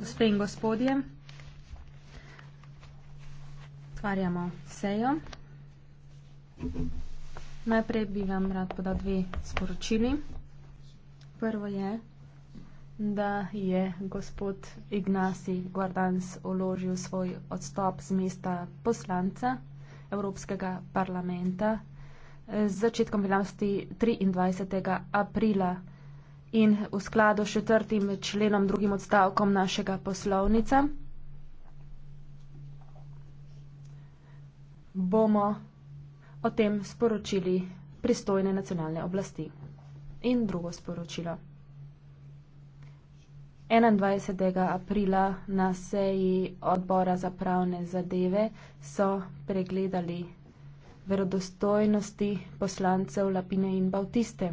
Gospe in gospodje, otvarjamo sejo. Najprej bi vam rad podal dve sporočili. Prvo je, da je gospod Ignasi Guardans oložil svoj odstop z mesta poslanca Evropskega parlamenta z začetkom veljavnosti 23. aprila in v skladu s četrtim členom drugim odstavkom našega poslovnica bomo o tem sporočili pristojne nacionalne oblasti. In drugo sporočilo. 21. aprila na seji odbora za pravne zadeve so pregledali verodostojnosti poslancev Lapine in Bautiste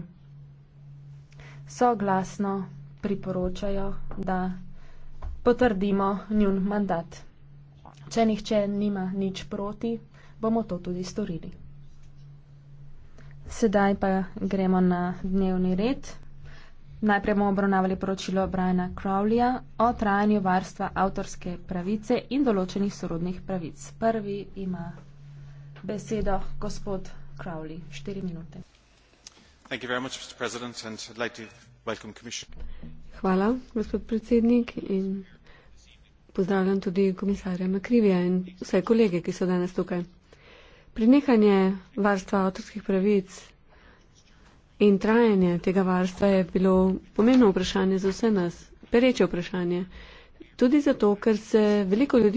soglasno priporočajo, da potrdimo njun mandat. Če nihče nima nič proti, bomo to tudi storili. Sedaj pa gremo na dnevni red. Najprej bomo obravnavali poročilo Briana Crowleya o trajanju varstva avtorske pravice in določenih sorodnih pravic. Prvi ima besedo gospod Crowley. Štiri minute. Hvala, gospod predsednik, in pozdravljam tudi komisarja Makrivija in vse kolege, ki so danes tukaj. Prenehanje varstva avtorskih pravic in trajanje tega varstva je bilo pomembno vprašanje za vse nas, pereče vprašanje. Tudi zato, ker se veliko ljudi